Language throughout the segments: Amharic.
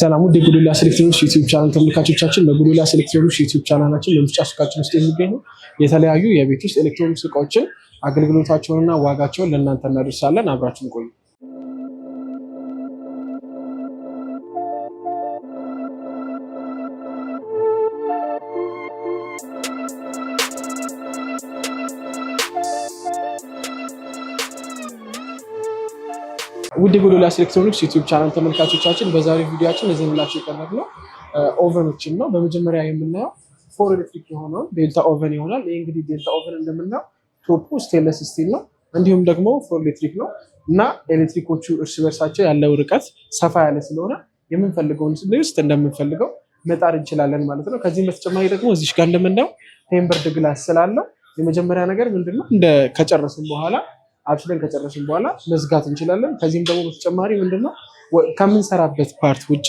ሰላም ውድ የጎዶልያስ ኤሌክትሮኒክስ ዩቲዩብ ቻናል ተመልካቾቻችን፣ በጎዶልያስ ኤሌክትሮኒክስ ዩቲዩብ ቻናላችን በምርጫ ሱቃችን ውስጥ የሚገኙ የተለያዩ የቤት ውስጥ ኤሌክትሮኒክስ እቃዎችን አገልግሎታቸውንና ዋጋቸውን ለእናንተ እናደርሳለን። አብራችን ቆዩ። ውድ ጎዶልያስ ኤሌክትሮኒክስ ዩቲዩብ ቻናል ተመልካቾቻችን በዛሬው ቪዲዮችን ለዚህ ብላችሁ ነው ኦቨኖችን ነው። በመጀመሪያ የምናየው ፎር ኤሌክትሪክ የሆነውን ዴልታ ኦቨን ይሆናል። ይህ እንግዲህ ዴልታ ኦቨን እንደምናየው ቶፑ ስቴንለስ ስቲል ነው፣ እንዲሁም ደግሞ ፎር ኤሌክትሪክ ነው እና ኤሌክትሪኮቹ እርስ በርሳቸው ያለው ርቀት ሰፋ ያለ ስለሆነ የምንፈልገውን ውስጥ እንደምንፈልገው መጣር እንችላለን ማለት ነው። ከዚህም በተጨማሪ ደግሞ እዚሽ ጋር እንደምናየው ቴምበርድ ግላስ ስላለው የመጀመሪያ ነገር ምንድነው ከጨረስን በኋላ አብስለን ከጨረስን በኋላ መዝጋት እንችላለን። ከዚህም ደግሞ በተጨማሪ ምንድነው ከምንሰራበት ፓርት ውጭ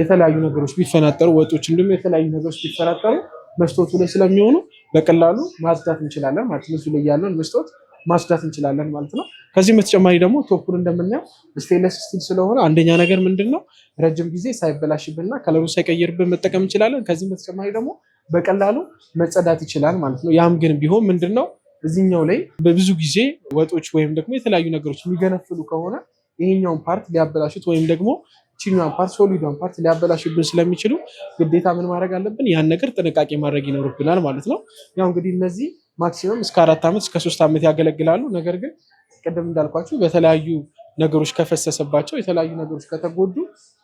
የተለያዩ ነገሮች ቢፈናጠሩ ወጦች፣ እንዲሁም የተለያዩ ነገሮች ቢፈናጠሩ መስቶቱ ላይ ስለሚሆኑ በቀላሉ ማጽዳት እንችላለን ማለት ነው። እዚሁ ላይ ያለውን መስቶት ማጽዳት እንችላለን ማለት ነው። ከዚህም በተጨማሪ ደግሞ ቶፑን እንደምናየው ስቴንለስ ስቲል ስለሆነ አንደኛ ነገር ምንድን ነው ረጅም ጊዜ ሳይበላሽብንና ከለሩ ሳይቀይርብን መጠቀም እንችላለን። ከዚህም በተጨማሪ ደግሞ በቀላሉ መጸዳት ይችላል ማለት ነው። ያም ግን ቢሆን ምንድን ነው እዚህኛው ላይ በብዙ ጊዜ ወጦች ወይም ደግሞ የተለያዩ ነገሮች የሚገነፍሉ ከሆነ ይሄኛውን ፓርት ሊያበላሹት ወይም ደግሞ ቺኛውን ፓርት ሶሊዷን ፓርት ሊያበላሽብን ስለሚችሉ ግዴታ ምን ማድረግ አለብን? ያን ነገር ጥንቃቄ ማድረግ ይኖርብናል ማለት ነው። ያው እንግዲህ እነዚህ ማክሲመም እስከ አራት ዓመት እስከ ሶስት ዓመት ያገለግላሉ። ነገር ግን ቅድም እንዳልኳቸው በተለያዩ ነገሮች ከፈሰሰባቸው የተለያዩ ነገሮች ከተጎዱ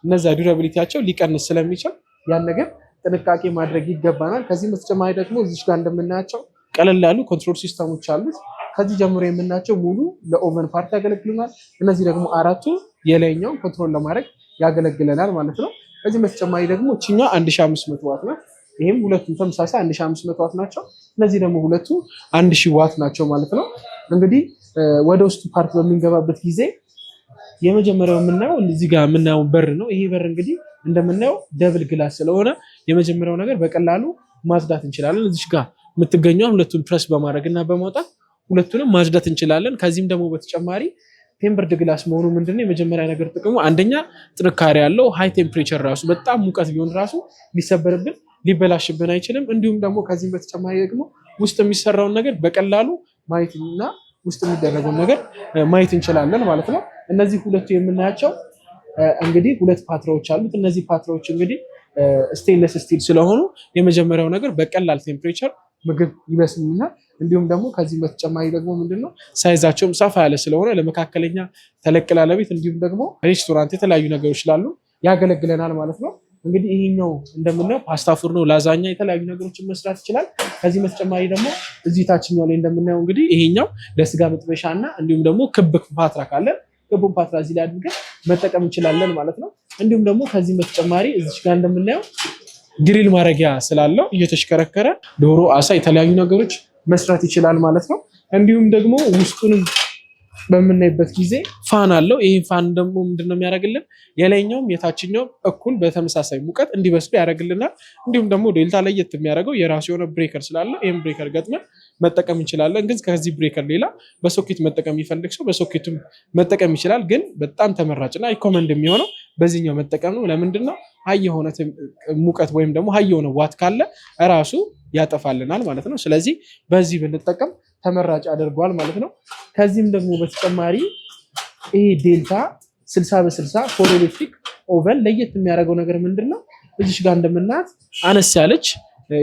እነዚያ ዱራቢሊቲያቸው ሊቀንስ ስለሚችል ያን ነገር ጥንቃቄ ማድረግ ይገባናል። ከዚህም በተጨማሪ ደግሞ እዚች ጋር እንደምናያቸው ቀለል ያሉ ኮንትሮል ሲስተሞች አሉት። ከዚህ ጀምሮ የምናቸው ሙሉ ለኦቨን ፓርት ያገለግሉናል። እነዚህ ደግሞ አራቱ የላይኛውን ኮንትሮል ለማድረግ ያገለግለናል ማለት ነው። ከዚህ በተጨማሪ ደግሞ እችኛ 1500 ዋት ናት። ይህም ሁለቱም ተመሳሳይ 1500 ዋት ናቸው። እነዚህ ደግሞ ሁለቱ 1000 ዋት ናቸው ማለት ነው። እንግዲህ ወደ ውስጡ ፓርት በምንገባበት ጊዜ የመጀመሪያው የምናየው እዚህ ጋር የምናየው በር ነው። ይሄ በር እንግዲህ እንደምናየው ደብል ግላስ ስለሆነ የመጀመሪያው ነገር በቀላሉ ማጽዳት እንችላለን እዚህ ጋር የምትገኘው ሁለቱን ፕረስ በማድረግ እና በማውጣት ሁለቱንም ማጽዳት እንችላለን። ከዚህም ደግሞ በተጨማሪ ቴምበርድ ግላስ መሆኑ ምንድነው የመጀመሪያ ነገር ጥቅሙ፣ አንደኛ ጥንካሬ ያለው ሃይ ቴምፕሬቸር ራሱ በጣም ሙቀት ቢሆን ራሱ ሊሰበርብን ሊበላሽብን አይችልም። እንዲሁም ደግሞ ከዚህም በተጨማሪ ደግሞ ውስጥ የሚሰራውን ነገር በቀላሉ ማየትና ውስጥ የሚደረገውን ነገር ማየት እንችላለን ማለት ነው። እነዚህ ሁለቱ የምናያቸው እንግዲህ ሁለት ፓትራዎች አሉት። እነዚህ ፓትራዎች እንግዲህ ስቴንለስ ስቲል ስለሆኑ የመጀመሪያው ነገር በቀላል ቴምፕሬቸር ምግብ ይበስልና እንዲሁም ደግሞ ከዚህ በተጨማሪ ደግሞ ምንድነው ሳይዛቸውም ሰፋ ያለ ስለሆነ ለመካከለኛ ተለቅ ላለ ቤት እንዲሁም ደግሞ ሬስቶራንት የተለያዩ ነገሮች ስላሉ ያገለግለናል ማለት ነው። እንግዲህ ይሄኛው እንደምናየው ፓስታ ፉርኖ፣ ላዛኛ የተለያዩ ነገሮችን መስራት ይችላል። ከዚህ በተጨማሪ ደግሞ እዚህ ታችኛው ላይ እንደምናየው እንግዲህ ይሄኛው ለስጋ መጥበሻ እና እንዲሁም ደግሞ ክብ ፓትራ ካለ ክቡን ፓትራ እዚህ ላይ አድርገን መጠቀም እንችላለን ማለት ነው። እንዲሁም ደግሞ ከዚህ በተጨማሪ እዚች ጋር እንደምናየው ድሪል ማድረጊያ ስላለው እየተሽከረከረ ዶሮ፣ አሳ፣ የተለያዩ ነገሮች መስራት ይችላል ማለት ነው። እንዲሁም ደግሞ ውስጡንም በምናይበት ጊዜ ፋን አለው። ይህ ፋን ደግሞ ምንድን ነው የሚያደርግልን? የላይኛውም የታችኛውም እኩል በተመሳሳይ ሙቀት እንዲበስሉ ያደርግልናል። እንዲሁም ደግሞ ዴልታ ለየት የሚያደርገው የራሱ የሆነ ብሬከር ስላለው ይህም ብሬከር ገጥመን መጠቀም እንችላለን። ግን ከዚህ ብሬከር ሌላ በሶኬት መጠቀም የሚፈልግ ሰው በሶኬቱም መጠቀም ይችላል። ግን በጣም ተመራጭና ሪኮመንድ የሚሆነው በዚህኛው መጠቀም ነው። ለምንድን ነው ሀይ የሆነ ሙቀት ወይም ደግሞ ሀይ የሆነ ዋት ካለ እራሱ ያጠፋልናል ማለት ነው። ስለዚህ በዚህ ብንጠቀም ተመራጭ ያደርገዋል ማለት ነው። ከዚህም ደግሞ በተጨማሪ ይሄ ዴልታ ስልሳ በስልሳ ፎር ኤሌክትሪክ ኦቨን ለየት የሚያደርገው ነገር ምንድን ነው? እዚሽ ጋር እንደምናያት አነስ ያለች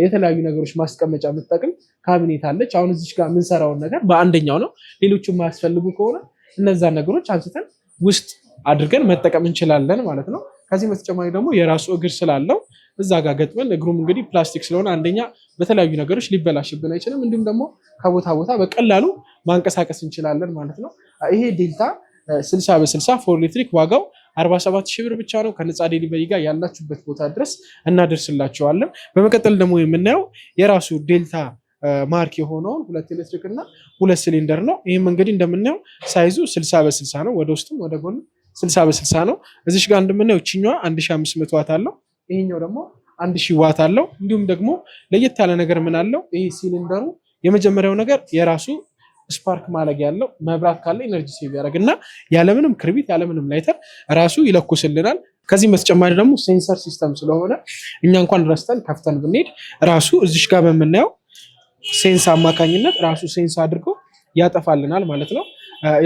የተለያዩ ነገሮች ማስቀመጫ የምትጠቅም ካቢኔት አለች። አሁን እዚሽ ጋር የምንሰራውን ነገር በአንደኛው ነው። ሌሎቹ የማያስፈልጉ ከሆነ እነዛን ነገሮች አንስተን ውስጥ አድርገን መጠቀም እንችላለን ማለት ነው። ከዚህ በተጨማሪ ደግሞ የራሱ እግር ስላለው እዛ ጋር ገጥመን እግሩም እንግዲህ ፕላስቲክ ስለሆነ አንደኛ በተለያዩ ነገሮች ሊበላሽብን አይችልም። እንዲሁም ደግሞ ከቦታ ቦታ በቀላሉ ማንቀሳቀስ እንችላለን ማለት ነው። ይሄ ዴልታ ስልሳ በስልሳ ፎር ኤሌክትሪክ ዋጋው 47 ሺህ ብር ብቻ ነው። ከነፃ ዴሊቨሪ ጋር ያላችሁበት ቦታ ድረስ እናደርስላቸዋለን። በመቀጠል ደግሞ የምናየው የራሱ ዴልታ ማርክ የሆነውን ሁለት ኤሌክትሪክ እና ሁለት ሲሊንደር ነው። ይህም እንግዲህ እንደምናየው ሳይዙ ስልሳ በስልሳ ነው። ወደ ውስጥም ወደ ጎንም ስልሳ በስልሳ ነው። እዚሽ ጋር እንደምናየው ይችኛዋ አንድ ሺ አምስት መቶ ዋት አለው። ይሄኛው ደግሞ አንድ ሺ ዋት አለው። እንዲሁም ደግሞ ለየት ያለ ነገር ምን አለው? ይሄ ሲሊንደሩ የመጀመሪያው ነገር የራሱ ስፓርክ ማለግ ያለው መብራት ካለ ኤነርጂ ሴቭ ያደረግ እና ያለምንም ክርቢት ያለምንም ላይተር ራሱ ይለኩስልናል። ከዚህም በተጨማሪ ደግሞ ሴንሰር ሲስተም ስለሆነ እኛ እንኳን ረስተን ከፍተን ብንሄድ ራሱ እዚሽ ጋር በምናየው ሴንስ አማካኝነት ራሱ ሴንስ አድርጎ ያጠፋልናል ማለት ነው።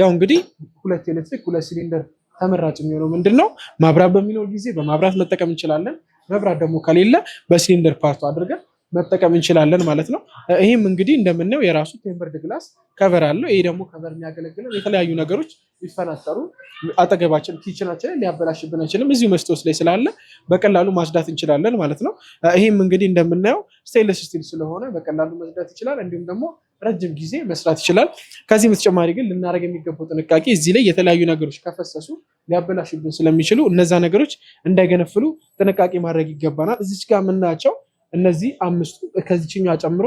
ያው እንግዲህ ሁለት ኤሌክትሪክ ሁለት ሲሊንደር ተመራጭ የሚሆነው ምንድን ነው? ማብራት በሚኖር ጊዜ በማብራት መጠቀም እንችላለን። መብራት ደግሞ ከሌለ በሲሊንደር ፓርቱ አድርገን መጠቀም እንችላለን ማለት ነው። ይህም እንግዲህ እንደምናየው የራሱ ቴምበርድ ግላስ ከቨር አለው። ይሄ ደግሞ ከቨር የሚያገለግለን የተለያዩ ነገሮች ሊፈናጠሩ አጠገባችን ኪችናችንን ሊያበላሽብን አይችልም። እዚሁ መስታወት ላይ ስላለ በቀላሉ ማጽዳት እንችላለን ማለት ነው። ይህም እንግዲህ እንደምናየው ስቴንለስ ስቲል ስለሆነ በቀላሉ መጽዳት ይችላል። እንዲሁም ደግሞ ረጅም ጊዜ መስራት ይችላል። ከዚህ በተጨማሪ ግን ልናደርግ የሚገባው ጥንቃቄ እዚህ ላይ የተለያዩ ነገሮች ከፈሰሱ ሊያበላሽብን ስለሚችሉ እነዛ ነገሮች እንዳይገነፍሉ ጥንቃቄ ማድረግ ይገባናል። እዚች ጋር የምናያቸው እነዚህ አምስቱ ከዚችኛ ጨምሮ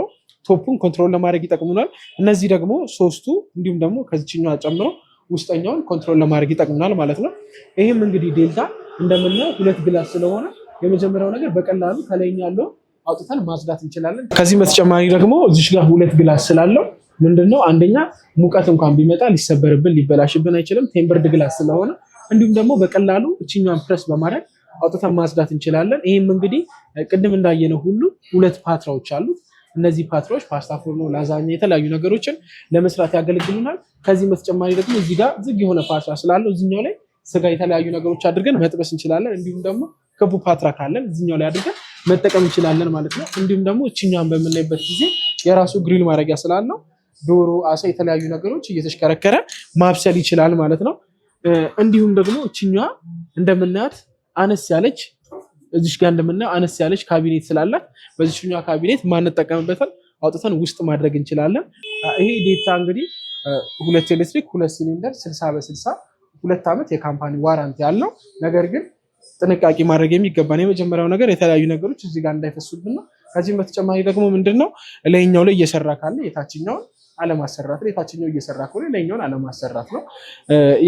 ቶፑን ኮንትሮል ለማድረግ ይጠቅሙናል። እነዚህ ደግሞ ሶስቱ እንዲሁም ደግሞ ከዚችኛ ጨምሮ ውስጠኛውን ኮንትሮል ለማድረግ ይጠቅሙናል ማለት ነው። ይህም እንግዲህ ዴልታ እንደምናየው ሁለት ግላስ ስለሆነ የመጀመሪያው ነገር በቀላሉ ከላይኛ ያለውን አውጥተን ማጽዳት እንችላለን። ከዚህም በተጨማሪ ደግሞ እዚሽ ጋር ሁለት ግላስ ስላለው ምንድነው አንደኛ ሙቀት እንኳን ቢመጣ ሊሰበርብን ሊበላሽብን አይችልም፣ ቴምበርድ ግላስ ስለሆነ እንዲሁም ደግሞ በቀላሉ እችኛን ፕረስ በማድረግ አውጥተን ማጽዳት እንችላለን። ይህም እንግዲህ ቅድም እንዳየነው ሁሉ ሁለት ፓትራዎች አሉት። እነዚህ ፓትራዎች ፓስታ፣ ፎርኖ፣ ላዛኛ የተለያዩ ነገሮችን ለመስራት ያገለግሉናል። ከዚህም በተጨማሪ ደግሞ እዚህ ጋር ዝግ የሆነ ፓትራ ስላለው እዚኛው ላይ ስጋ የተለያዩ ነገሮች አድርገን መጥበስ እንችላለን። እንዲሁም ደግሞ ክቡ ፓትራ ካለን እዚኛው ላይ አድርገን መጠቀም እንችላለን ማለት ነው። እንዲሁም ደግሞ እችኛን በምናይበት ጊዜ የራሱ ግሪል ማድረጊያ ስላለው ዶሮ፣ አሳ፣ የተለያዩ ነገሮች እየተሽከረከረ ማብሰል ይችላል ማለት ነው። እንዲሁም ደግሞ እችኛ እንደምናያት አነስ ያለች እዚሽ ጋር እንደምናየው አነስ ያለች ካቢኔት ስላላት በዚችኛ ካቢኔት ማንጠቀምበትን አውጥተን ውስጥ ማድረግ እንችላለን። ይሄ ዴታ እንግዲህ ሁለት ኤሌክትሪክ ሁለት ሲሊንደር ስልሳ በስልሳ ሁለት ዓመት የካምፓኒ ዋራንት ያለው ነገር ግን ጥንቃቄ ማድረግ የሚገባን የመጀመሪያው ነገር የተለያዩ ነገሮች እዚህ ጋር እንዳይፈሱብን ነው። ከዚህም በተጨማሪ ደግሞ ምንድን ነው ላይኛው ላይ እየሰራ ካለ የታችኛውን አለማሰራት ነው። የታችኛው እየሰራ ከሆነ ላይኛውን አለማሰራት ነው።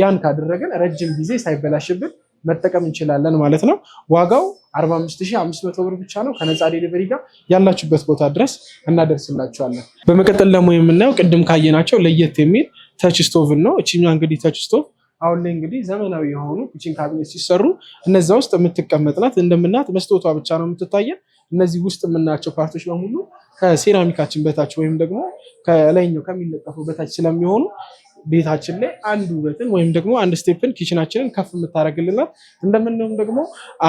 ያን ካደረገን ረጅም ጊዜ ሳይበላሽብን መጠቀም እንችላለን ማለት ነው። ዋጋው 45500 ብር ብቻ ነው። ከነፃ ዴሊቨሪ ጋር ያላችሁበት ቦታ ድረስ እናደርስላችኋለን። በመቀጠል ደግሞ የምናየው ቅድም ካየናቸው ለየት የሚል ተች ስቶቭን ነው። እችኛ እንግዲህ ተች ስቶቭ አሁን ላይ እንግዲህ ዘመናዊ የሆኑ ኪችን ካቢኔት ሲሰሩ እነዛ ውስጥ የምትቀመጥናት እንደምናት መስታወቷ ብቻ ነው የምትታየን። እነዚህ ውስጥ የምናያቸው ፓርቶች በሙሉ ከሴራሚካችን በታች ወይም ደግሞ ከላይኛው ከሚለጠፈው በታች ስለሚሆኑ ቤታችን ላይ አንድ ውበትን ወይም ደግሞ አንድ ስቴፕን ኪችናችንን ከፍ የምታደርግልናት እንደምንም ደግሞ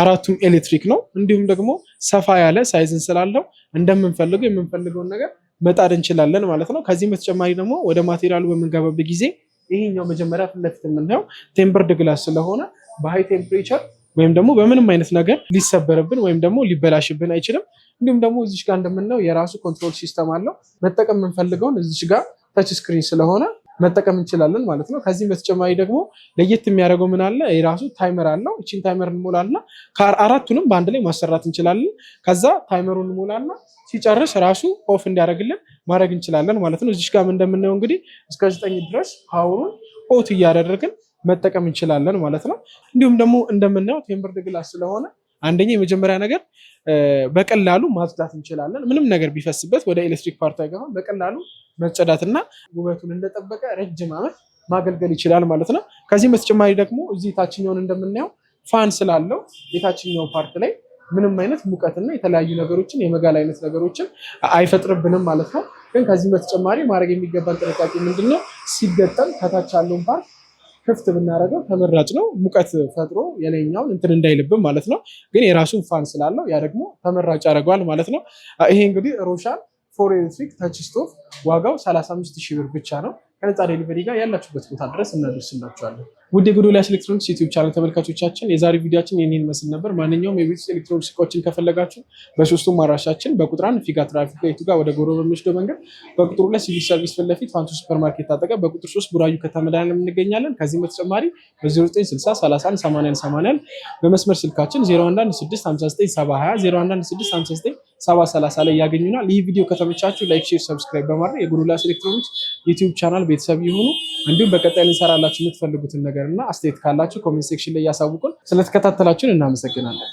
አራቱም ኤሌክትሪክ ነው። እንዲሁም ደግሞ ሰፋ ያለ ሳይዝን ስላለው እንደምንፈልገው የምንፈልገውን ነገር መጣድ እንችላለን ማለት ነው። ከዚህም በተጨማሪ ደግሞ ወደ ማቴሪያሉ በምንገባበት ጊዜ ይሄኛው መጀመሪያ ፊት ለፊት የምናየው ቴምበርድ ግላስ ስለሆነ በሃይ ቴምፕሬቸር ወይም ደግሞ በምንም አይነት ነገር ሊሰበርብን ወይም ደግሞ ሊበላሽብን አይችልም። እንዲሁም ደግሞ እዚሽ ጋር እንደምናየው የራሱ ኮንትሮል ሲስተም አለው። መጠቀም የምንፈልገውን እዚሽ ጋር ተች ስክሪን ስለሆነ መጠቀም እንችላለን ማለት ነው። ከዚህም በተጨማሪ ደግሞ ለየት የሚያደርገው ምን አለ የራሱ ታይመር አለው። እችን ታይመር እንሞላና አራቱንም በአንድ ላይ ማሰራት እንችላለን። ከዛ ታይመሩን እንሞላና ሲጨርስ ራሱ ኦፍ እንዲያደርግልን ማድረግ እንችላለን ማለት ነው። እዚሽ ጋም እንደምናየው እንግዲህ እስከ ዘጠኝ ድረስ ፓወሩን ኦት እያደረግን መጠቀም እንችላለን ማለት ነው። እንዲሁም ደግሞ እንደምናየው ቴምብርድ ግላስ ስለሆነ አንደኛ የመጀመሪያ ነገር በቀላሉ ማጽዳት እንችላለን። ምንም ነገር ቢፈስበት ወደ ኤሌክትሪክ ፓርቲ አይገባም። በቀላሉ መጸዳትና ውበቱን እንደጠበቀ ረጅም ዓመት ማገልገል ይችላል ማለት ነው። ከዚህም በተጨማሪ ደግሞ እዚህ የታችኛውን እንደምናየው ፋን ስላለው የታችኛው ፓርት ላይ ምንም አይነት ሙቀትና የተለያዩ ነገሮችን የመጋል አይነት ነገሮችን አይፈጥርብንም ማለት ነው። ግን ከዚህም በተጨማሪ ማድረግ የሚገባን ጥንቃቄ ምንድነው? ሲገጠም ከታች ያለውን ፓርት ክፍት ብናደርገው ተመራጭ ነው። ሙቀት ፈጥሮ የላይኛውን እንትን እንዳይልብን ማለት ነው። ግን የራሱን ፋን ስላለው ያ ደግሞ ተመራጭ ያደርገዋል ማለት ነው። ይሄ እንግዲህ ሮሻን ፎር ኤሌክትሪክ ተች ስቶቭ ዋጋው 35 ሺህ ብር ብቻ ነው። ከነፃ ዴሊቨሪ ጋር ያላችሁበት ቦታ ድረስ እናደርስላችኋለን። ውድ የጎዶልያስ ኤሌክትሮኒክስ ዩቲዩብ ቻናል ተመልካቾቻችን የዛሬ ቪዲዮችን የኔን መስል ነበር። ማንኛውም የቤት ውስጥ ኤሌክትሮኒክስ እቃዎችን ከፈለጋችሁ በሶስቱም አድራሻችን በቁጥር አንድ ፊጋ ትራፊክ ላይቱ ጋር ወደ ጎሮ በሚወስደው መንገድ፣ በቁጥር ሁለት ሲቪል ሰርቪስ ፊት ለፊት ፋንቱ ሱፐርማርኬት አጠገብ፣ በቁጥር ሶስት ቡራዩ ከተመዳን እንገኛለን። ከዚህም በተጨማሪ በ0960318181 በመስመር ስልካችን 0116597020 0116597030 ላይ ያገኙናል። ይህ ቪዲዮ ከተመቻችሁ ላይክ፣ ሼር፣ ሰብስክራይብ በማድረግ የጎዶልያስ ኤሌክትሮኒክስ ዩቲዩብ ቻናል ቤተሰብ ይሁኑ። እንዲሁም በቀጣይ ልንሰራላችሁ የምትፈልጉትን ነገር ነገር እና አስተያየት ካላችሁ ኮሜንት ሴክሽን ላይ እያሳውቁን። ስለተከታተላችሁን እናመሰግናለን።